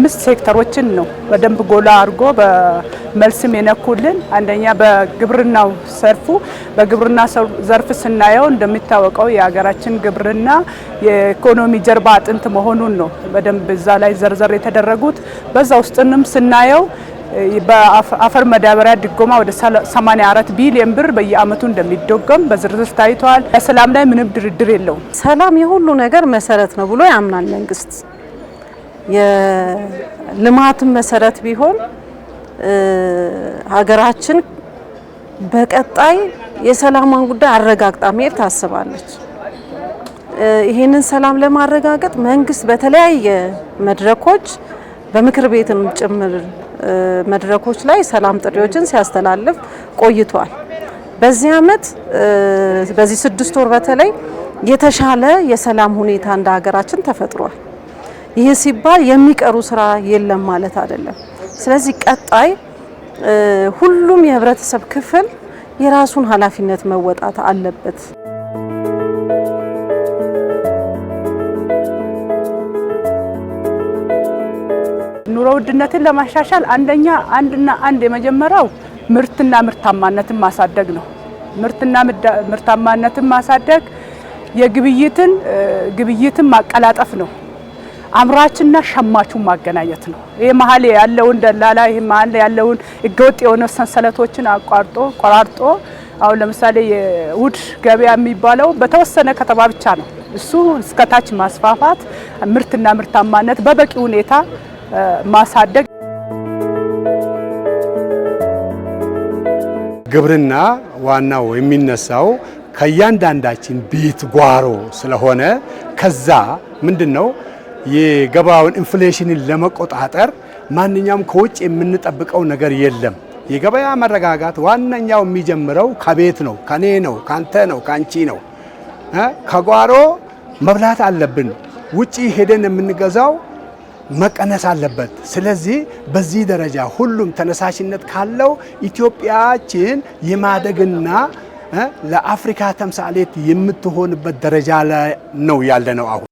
አምስት ሴክተሮችን ነው በደንብ ጎላ አድርጎ በመልስም የነኩልን። አንደኛ በግብርናው ዘርፉ በግብርና ዘርፍ ስናየው እንደሚታወቀው የሀገራችን ግብርና የኢኮኖሚ ጀርባ አጥንት መሆኑን ነው በደንብ እዛ ላይ ዘርዘር የተደረጉት። በዛ ውስጥንም ስናየው በአፈር መዳበሪያ ድጎማ ወደ 84 ቢሊዮን ብር በየአመቱ እንደሚደጎም በዝርዝር ታይቷል። በሰላም ላይ ምንም ድርድር የለውም። ሰላም የሁሉ ነገር መሰረት ነው ብሎ ያምናል መንግስት። የልማት መሰረት ቢሆን ሀገራችን በቀጣይ የሰላሟን ጉዳይ አረጋግጣ መሄድ ታስባለች። ይህንን ሰላም ለማረጋገጥ መንግስት በተለያየ መድረኮች በምክር ቤትም ጭምር መድረኮች ላይ ሰላም ጥሪዎችን ሲያስተላልፍ ቆይቷል። በዚህ አመት በዚህ ስድስት ወር በተለይ የተሻለ የሰላም ሁኔታ እንደ ሀገራችን ተፈጥሯል። ይህ ሲባል የሚቀሩ ስራ የለም ማለት አይደለም። ስለዚህ ቀጣይ ሁሉም የህብረተሰብ ክፍል የራሱን ኃላፊነት መወጣት አለበት። ኑሮ ውድነትን ለማሻሻል አንደኛ አንድና አንድ የመጀመሪያው ምርትና ምርታማነትን ማሳደግ ነው። ምርትና ምርታማነትን ማሳደግ የግብይትን ግብይትን ማቀላጠፍ ነው። አምራችና ሸማቹን ማገናኘት ነው። ይህ መሀል ያለውን ደላላ ይህ መሀል ያለውን ህገወጥ የሆነ ሰንሰለቶችን አቋርጦ ቆራርጦ አሁን ለምሳሌ የውድ ገበያ የሚባለው በተወሰነ ከተማ ብቻ ነው። እሱ እስከታች ማስፋፋት፣ ምርትና ምርታማነት በበቂ ሁኔታ ማሳደግ። ግብርና ዋናው የሚነሳው ከእያንዳንዳችን ቤት ጓሮ ስለሆነ ከዛ ምንድን ነው የገበያውን ኢንፍሌሽንን ለመቆጣጠር ማንኛውም ከውጭ የምንጠብቀው ነገር የለም። የገበያ መረጋጋት ዋነኛው የሚጀምረው ከቤት ነው፣ ከኔ ነው፣ ካንተ ነው፣ ካንቺ ነው። ከጓሮ መብላት አለብን። ውጪ ሄደን የምንገዛው መቀነስ አለበት። ስለዚህ በዚህ ደረጃ ሁሉም ተነሳሽነት ካለው ኢትዮጵያችን የማደግና ለአፍሪካ ተምሳሌት የምትሆንበት ደረጃ ላይ ነው ያለነው አሁን።